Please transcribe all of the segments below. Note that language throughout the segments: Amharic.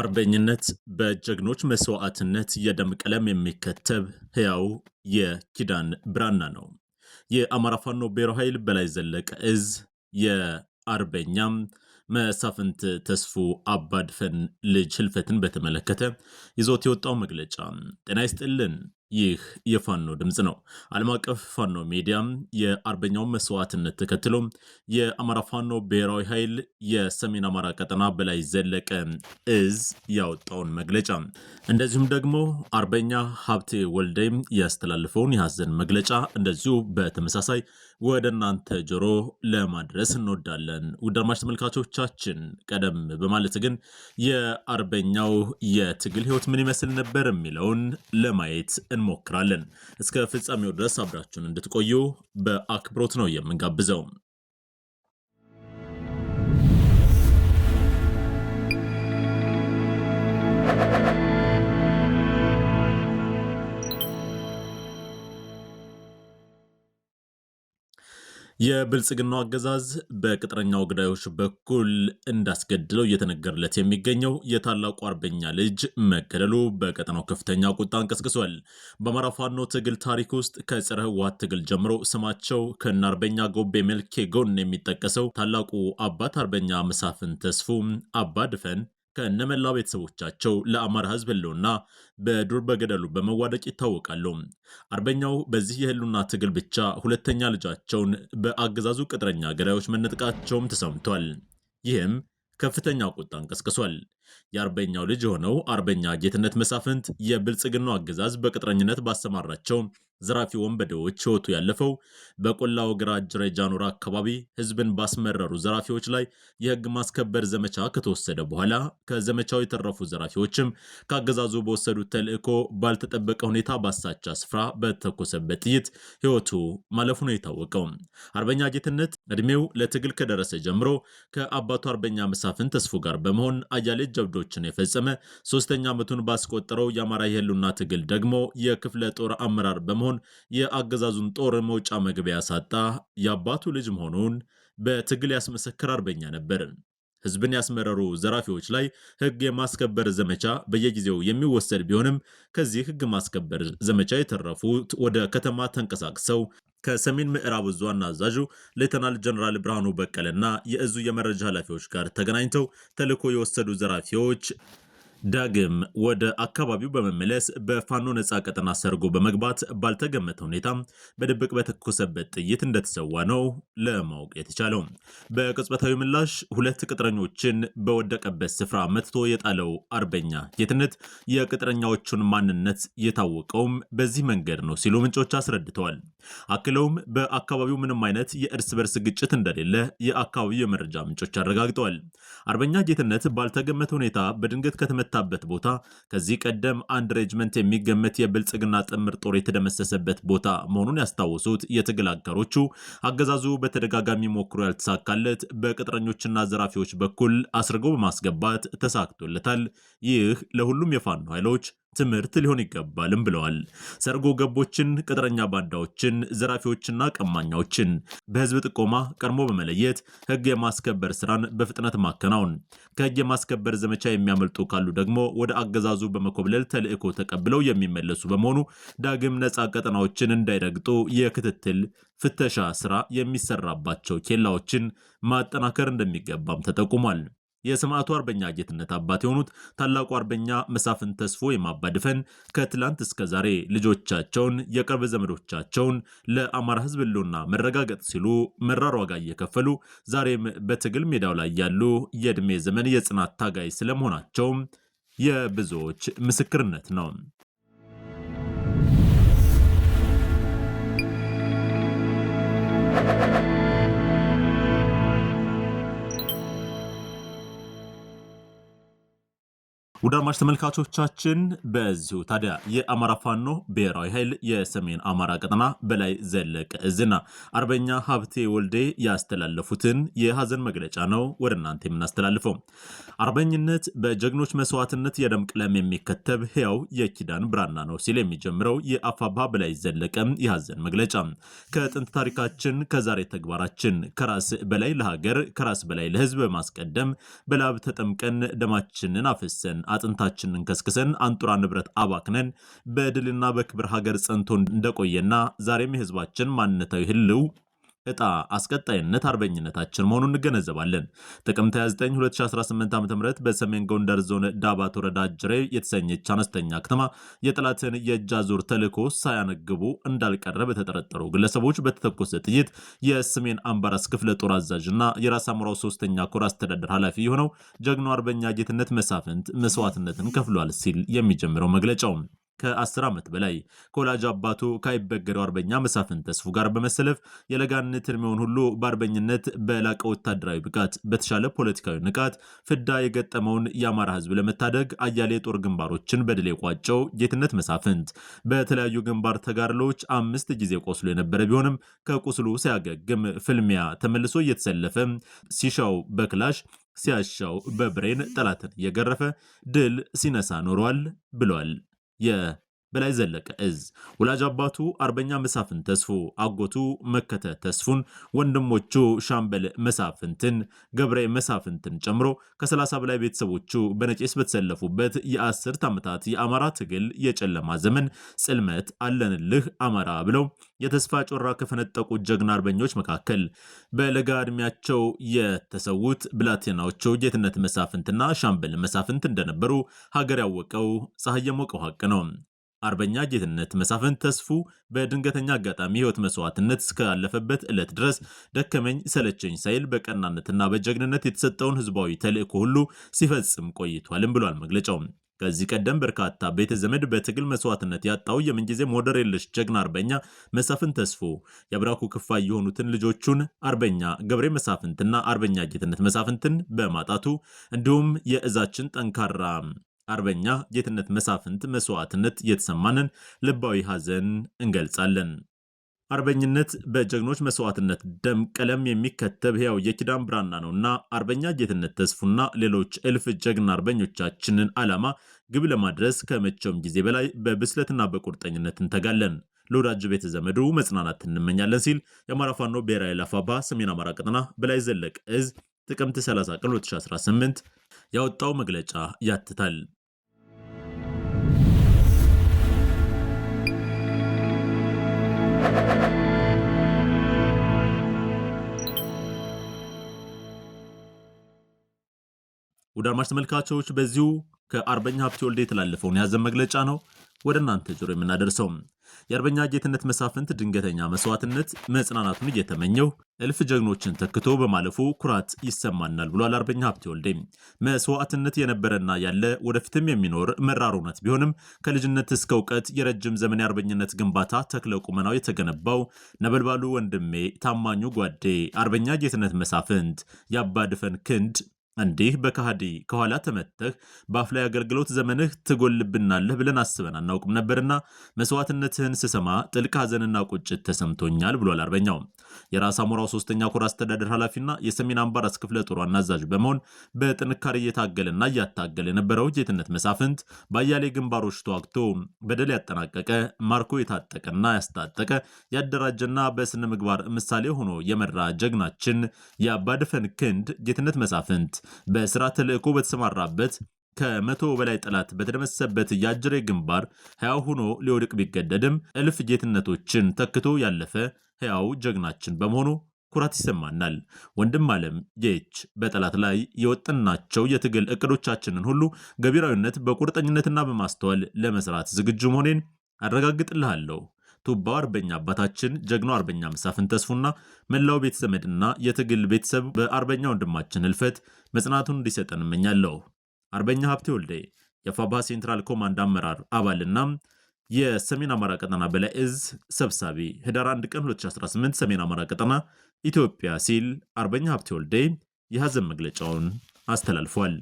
አርበኝነት በጀግኖች መስዋዕትነት የደም ቀለም የሚከተብ ሕያው የኪዳን ብራና ነው። የአማራ ፋኖ ብሔራዊ ኃይል በላይ ዘለቀ እዝ የአርበኛም መሳፍንት ተስፉ አባድፈን ልጅ ህልፈትን በተመለከተ ይዞት የወጣው መግለጫ ጤና ይስጥልን ይህ የፋኖ ድምፅ ነው። ዓለም አቀፍ ፋኖ ሚዲያም የአርበኛውን መስዋዕትነት ተከትሎ የአማራ ፋኖ ብሔራዊ ኃይል የሰሜን አማራ ቀጠና በላይ ዘለቀ እዝ ያወጣውን መግለጫ እንደዚሁም ደግሞ አርበኛ ሀብቴ ወልደይም ያስተላልፈውን የሐዘን መግለጫ እንደዚሁ በተመሳሳይ ወደ እናንተ ጆሮ ለማድረስ እንወዳለን። ውዳማሽ ተመልካቾቻችን፣ ቀደም በማለት ግን የአርበኛው የትግል ህይወት ምን ይመስል ነበር የሚለውን ለማየት እንሞክራለን። እስከ ፍጻሜው ድረስ አብራችሁን እንድትቆዩ በአክብሮት ነው የምንጋብዘው። የብልጽግናው አገዛዝ በቅጥረኛው ግዳዮች በኩል እንዳስገድለው እየተነገርለት የሚገኘው የታላቁ አርበኛ ልጅ መገደሉ በቀጠናው ከፍተኛ ቁጣን ቀስቅሷል። በአማራ ፋኖ ትግል ታሪክ ውስጥ ከጽረ ህወሓት ትግል ጀምሮ ስማቸው ከነ አርበኛ ጎቤ መልኬ ጎን የሚጠቀሰው ታላቁ አባት አርበኛ መሳፍን ተስፉ አባ ድፈን ከነመላው ቤተሰቦቻቸው ለአማራ ህዝብ ህልውና በዱር በገደሉ በመዋደቅ ይታወቃሉ። አርበኛው በዚህ የህልውና ትግል ብቻ ሁለተኛ ልጃቸውን በአገዛዙ ቅጥረኛ ገዳዮች መነጥቃቸውም ተሰምቷል። ይህም ከፍተኛ ቁጣ እንቀስቅሷል። የአርበኛው ልጅ የሆነው አርበኛ ጌትነት መሳፍንት የብልጽግናው አገዛዝ በቅጥረኝነት ባሰማራቸው ዘራፊ ወንበዴዎች ህይወቱ ያለፈው በቆላው ወገራ ጅሬ አካባቢ ህዝብን ባስመረሩ ዘራፊዎች ላይ የህግ ማስከበር ዘመቻ ከተወሰደ በኋላ ከዘመቻው የተረፉ ዘራፊዎችም ከአገዛዙ በወሰዱት ተልዕኮ ባልተጠበቀ ሁኔታ ባሳቻ ስፍራ በተኮሰበት ጥይት ህይወቱ ማለፉ ነው የታወቀው። አርበኛ ጌትነት እድሜው ለትግል ከደረሰ ጀምሮ ከአባቱ አርበኛ መሳፍን ተስፎ ጋር በመሆን አያሌ ጀብዶችን የፈጸመ ሶስተኛ ዓመቱን ባስቆጠረው የአማራ የህልውና ትግል ደግሞ የክፍለ ጦር አመራር በመሆን በመሆን የአገዛዙን ጦር መውጫ መግቢያ ያሳጣ የአባቱ ልጅ መሆኑን በትግል ያስመሰክር አርበኛ ነበር። ህዝብን ያስመረሩ ዘራፊዎች ላይ ህግ የማስከበር ዘመቻ በየጊዜው የሚወሰድ ቢሆንም ከዚህ ህግ ማስከበር ዘመቻ የተረፉት ወደ ከተማ ተንቀሳቅሰው ከሰሜን ምዕራብ እዝ ዋና አዛዡ ሌተናል ጀነራል ብርሃኑ በቀለና የእዙ የመረጃ ኃላፊዎች ጋር ተገናኝተው ተልዕኮ የወሰዱ ዘራፊዎች ዳግም ወደ አካባቢው በመመለስ በፋኖ ነፃ ቀጠና ሰርጎ በመግባት ባልተገመተ ሁኔታ በድብቅ በተኮሰበት ጥይት እንደተሰዋ ነው ለማወቅ የተቻለው። በቅጽበታዊ ምላሽ ሁለት ቅጥረኞችን በወደቀበት ስፍራ መትቶ የጣለው አርበኛ ጌትነት የቅጥረኛዎቹን ማንነት የታወቀውም በዚህ መንገድ ነው ሲሉ ምንጮች አስረድተዋል። አክለውም በአካባቢው ምንም አይነት የእርስ በርስ ግጭት እንደሌለ የአካባቢው የመረጃ ምንጮች አረጋግጠዋል። አርበኛ ጌትነት ባልተገመተ ሁኔታ በድንገት ከተመ የተመታበት ቦታ ከዚህ ቀደም አንድ ሬጅመንት የሚገመት የብልጽግና ጥምር ጦር የተደመሰሰበት ቦታ መሆኑን ያስታወሱት የትግል አጋሮቹ አገዛዙ በተደጋጋሚ ሞክሮ ያልተሳካለት በቅጥረኞችና ዘራፊዎች በኩል አስርጎ በማስገባት ተሳክቶለታል። ይህ ለሁሉም የፋኖ ኃይሎች ትምህርት ሊሆን ይገባልም ብለዋል። ሰርጎ ገቦችን፣ ቅጥረኛ ባንዳዎችን፣ ዘራፊዎችና ቀማኛዎችን በህዝብ ጥቆማ ቀድሞ በመለየት ህግ የማስከበር ስራን በፍጥነት ማከናወን፣ ከህግ የማስከበር ዘመቻ የሚያመልጡ ካሉ ደግሞ ወደ አገዛዙ በመኮብለል ተልእኮ ተቀብለው የሚመለሱ በመሆኑ ዳግም ነፃ ቀጠናዎችን እንዳይረግጡ የክትትል ፍተሻ ስራ የሚሰራባቸው ኬላዎችን ማጠናከር እንደሚገባም ተጠቁሟል። የሰማዕቱ አርበኛ ጌትነት አባት የሆኑት ታላቁ አርበኛ መሳፍን ተስፎ የማባድፈን ከትላንት እስከ ዛሬ ልጆቻቸውን፣ የቅርብ ዘመዶቻቸውን ለአማራ ሕዝብ ሕልውና መረጋገጥ ሲሉ መራር ዋጋ እየከፈሉ ዛሬም በትግል ሜዳው ላይ ያሉ የዕድሜ ዘመን የጽናት ታጋይ ስለመሆናቸውም የብዙዎች ምስክርነት ነው። ውድ አድማጭ ተመልካቾቻችን በዚሁ ታዲያ የአማራ ፋኖ ብሔራዊ ኃይል የሰሜን አማራ ቀጠና በላይ ዘለቀ እዝና አርበኛ ሀብቴ ወልዴ ያስተላለፉትን የሀዘን መግለጫ ነው ወደ እናንተ የምናስተላልፈው። አርበኝነት በጀግኖች መስዋዕትነት የደም ቀለም የሚከተብ ህያው የኪዳን ብራና ነው ሲል የሚጀምረው የአፋባ በላይ ዘለቀ የሀዘን መግለጫ ከጥንት ታሪካችን፣ ከዛሬ ተግባራችን፣ ከራስ በላይ ለሀገር፣ ከራስ በላይ ለህዝብ በማስቀደም በላብ ተጠምቀን ደማችንን አፍሰን አጥንታችንን ከስክሰን አንጡራ ንብረት አባክነን በድልና በክብር ሀገር ጸንቶ እንደቆየና ዛሬም የህዝባችን ማንነታዊ ህልው እጣ አስቀጣይነት አርበኝነታችን መሆኑን እንገነዘባለን። ጥቅምት 29 2018 ዓ ም በሰሜን ጎንደር ዞን ዳባት ወረዳ ጅሬ የተሰኘች አነስተኛ ከተማ የጠላትን የእጅ አዙር ተልዕኮ ሳያነግቡ እንዳልቀረ በተጠረጠሩ ግለሰቦች በተተኮሰ ጥይት የሰሜን አምባራስ ክፍለ ጦር አዛዥ እና የራስ አሞራው ሶስተኛ ኮር አስተዳደር ኃላፊ የሆነው ጀግኖ አርበኛ ጌትነት መሳፍንት መስዋዕትነትን ከፍሏል ሲል የሚጀምረው መግለጫው ከ10 ዓመት በላይ ከወላጅ አባቱ ካይበገረው አርበኛ መሳፍን ተስፉ ጋር በመሰለፍ የለጋነት እድሜውን ሁሉ በአርበኝነት በላቀ ወታደራዊ ብቃት በተሻለ ፖለቲካዊ ንቃት ፍዳ የገጠመውን የአማራ ህዝብ ለመታደግ አያሌ የጦር ግንባሮችን በድል የቋጨው ጌትነት መሳፍንት በተለያዩ ግንባር ተጋርሎች አምስት ጊዜ ቆስሎ የነበረ ቢሆንም ከቁስሉ ሲያገግም ፍልሚያ ተመልሶ እየተሰለፈ ሲሻው በክላሽ ሲያሻው በብሬን ጠላትን እየገረፈ ድል ሲነሳ ኖሯል ብሏል። Yeah. በላይ ዘለቀ እዝ ወላጅ አባቱ አርበኛ መሳፍን ተስፉ፣ አጎቱ መከተ ተስፉን፣ ወንድሞቹ ሻምበል መሳፍንትን፣ ገብረ መሳፍንትን ጨምሮ ከ30 በላይ ቤተሰቦቹ በነጭስ በተሰለፉበት የአስርት ዓመታት የአማራ ትግል የጨለማ ዘመን ጽልመት አለንልህ አማራ ብለው የተስፋ ጮራ ከፈነጠቁ ጀግና አርበኞች መካከል በለጋ ዕድሜያቸው የተሰዉት ብላቴናዎቹ ጌትነት መሳፍንትና ሻምበል መሳፍንት እንደነበሩ ሀገር ያወቀው ፀሐይ የሞቀው ሀቅ ነው። አርበኛ ጌትነት መሳፍን ተስፉ በድንገተኛ አጋጣሚ ህይወት መስዋዕትነት እስካለፈበት ዕለት ድረስ ደከመኝ ሰለቸኝ ሳይል በቀናነትና በጀግንነት የተሰጠውን ህዝባዊ ተልእኮ ሁሉ ሲፈጽም ቆይቷልም ብሏል መግለጫው። ከዚህ ቀደም በርካታ ቤተ ዘመድ በትግል መስዋዕትነት ያጣው የምንጊዜ ሞደር የለሽ ጀግና አርበኛ መሳፍን ተስፎ የብራኩ ክፋይ የሆኑትን ልጆቹን አርበኛ ገብሬ መሳፍንትና አርበኛ ጌትነት መሳፍንትን በማጣቱ እንዲሁም የእዛችን ጠንካራ አርበኛ ጌትነት መሳፍንት መስዋዕትነት እየተሰማንን ልባዊ ሐዘን እንገልጻለን። አርበኝነት በጀግኖች መስዋዕትነት ደም ቀለም የሚከተብ ሕያው የኪዳን ብራና ነውና አርበኛ ጌትነት ተስፉና ሌሎች እልፍ ጀግና አርበኞቻችንን ዓላማ ግብ ለማድረስ ከመቼውም ጊዜ በላይ በብስለትና በቁርጠኝነት እንተጋለን። ለወዳጅ ቤተ ዘመዱ መጽናናት እንመኛለን ሲል የአማራ ፋኖ ብሔራዊ ላፋባ ሰሜን አማራ ቀጠና በላይ ዘለቀ እዝ ጥቅምት 30 ቀን 2018 ያወጣው መግለጫ ያትታል። ወደ አድማጭ ተመልካቾች በዚሁ ከአርበኛ ሀብቴ ወልዴ የተላለፈውን የያዘን መግለጫ ነው ወደ እናንተ ጆሮ የምናደርሰው። የአርበኛ ጌትነት መሳፍንት ድንገተኛ መስዋዕትነት መጽናናቱን እየተመኘው እልፍ ጀግኖችን ተክቶ በማለፉ ኩራት ይሰማናል ብሏል አርበኛ ሀብቴ ወልዴ። መስዋዕትነት የነበረና ያለ ወደፊትም የሚኖር መራር እውነት ቢሆንም ከልጅነት እስከ እውቀት የረጅም ዘመን የአርበኝነት ግንባታ ተክለ ቁመናው የተገነባው ነበልባሉ ወንድሜ፣ ታማኙ ጓዴ አርበኛ ጌትነት መሳፍንት የአባድፈን ክንድ እንዲህ በካሃዲ ከኋላ ተመተህ በአፍ ላይ አገልግሎት ዘመንህ ትጎልብናለህ ብለን አስበን አናውቅም ነበርና መስዋዕትነትህን ስሰማ ጥልቅ ሐዘንና ቁጭት ተሰምቶኛል ብሏል። አርበኛው የራስ አሞራው ሶስተኛ ኩር አስተዳደር ኃላፊና የሰሜን አምባራስ ክፍለ ጦር አናዛዥ በመሆን በጥንካሬ እየታገለና እያታገለ የነበረው ጌትነት መሳፍንት በአያሌ ግንባሮች ተዋግቶ በደል ያጠናቀቀ ማርኮ የታጠቀና ያስታጠቀ ያደራጀና በስነ ምግባር ምሳሌ ሆኖ የመራ ጀግናችን የአባድፈን ክንድ ጌትነት መሳፍንት በስራ ተልእኮ በተሰማራበት ከመቶ በላይ ጠላት በተደመሰበት የአጅሬ ግንባር ሕያው ሆኖ ሊወድቅ ቢገደድም እልፍ ጌትነቶችን ተክቶ ያለፈ ሕያው ጀግናችን በመሆኑ ኩራት ይሰማናል። ወንድም ዓለም የች በጠላት ላይ የወጠናቸው የትግል እቅዶቻችንን ሁሉ ገቢራዊነት በቁርጠኝነትና በማስተዋል ለመስራት ዝግጁ መሆኔን አረጋግጥልሃለሁ። ቱባ አርበኛ አባታችን ጀግናው አርበኛ መሳፍን ተስፉና መላው ቤተዘመድና የትግል ቤተሰብ በአርበኛ ወንድማችን ህልፈት መጽናቱን እንዲሰጠን እመኛለሁ። አርበኛ ሀብቴ ወልዴ የፋባ ሴንትራል ኮማንድ አመራር አባልና የሰሜን አማራ ቀጠና በላይ እዝ ሰብሳቢ ህዳር 1 ቀን 2018 ሰሜን አማራ ቀጠና ኢትዮጵያ ሲል አርበኛ ሀብቴ ወልዴ የሐዘን መግለጫውን አስተላልፏል።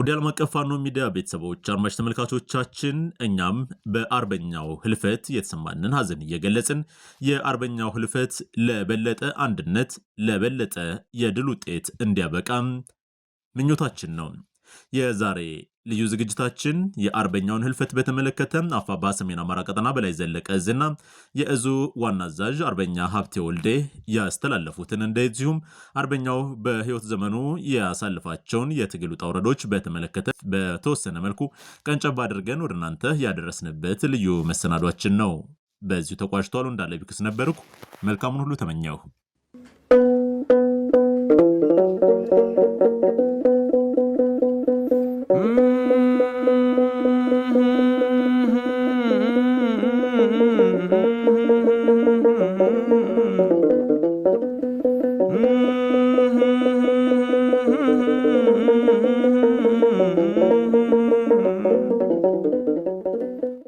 ወደ ዓለም አቀፍ ፋኖ ሚዲያ ቤተሰቦች አድማጭ ተመልካቾቻችን እኛም በአርበኛው ህልፈት የተሰማንን ሀዘን እየገለጽን የአርበኛው ህልፈት ለበለጠ አንድነት ለበለጠ የድል ውጤት እንዲያበቃም ምኞታችን ነው። የዛሬ ልዩ ዝግጅታችን የአርበኛውን ህልፈት በተመለከተ አፋባ ሰሜን አማራ ቀጠና በላይ ዘለቀ እዝና የእዙ ዋና አዛዥ አርበኛ ሀብቴ ወልዴ ያስተላለፉትን እንደዚሁም አርበኛው በህይወት ዘመኑ ያሳልፋቸውን የትግል ውጣ ውረዶች በተመለከተ በተወሰነ መልኩ ቀንጨብ አድርገን ወደ እናንተ ያደረስንበት ልዩ መሰናዷችን ነው። በዚሁ ተቋጭቷል። እንዳለ ቢክስ ነበርኩ። መልካሙን ሁሉ ተመኘሁ።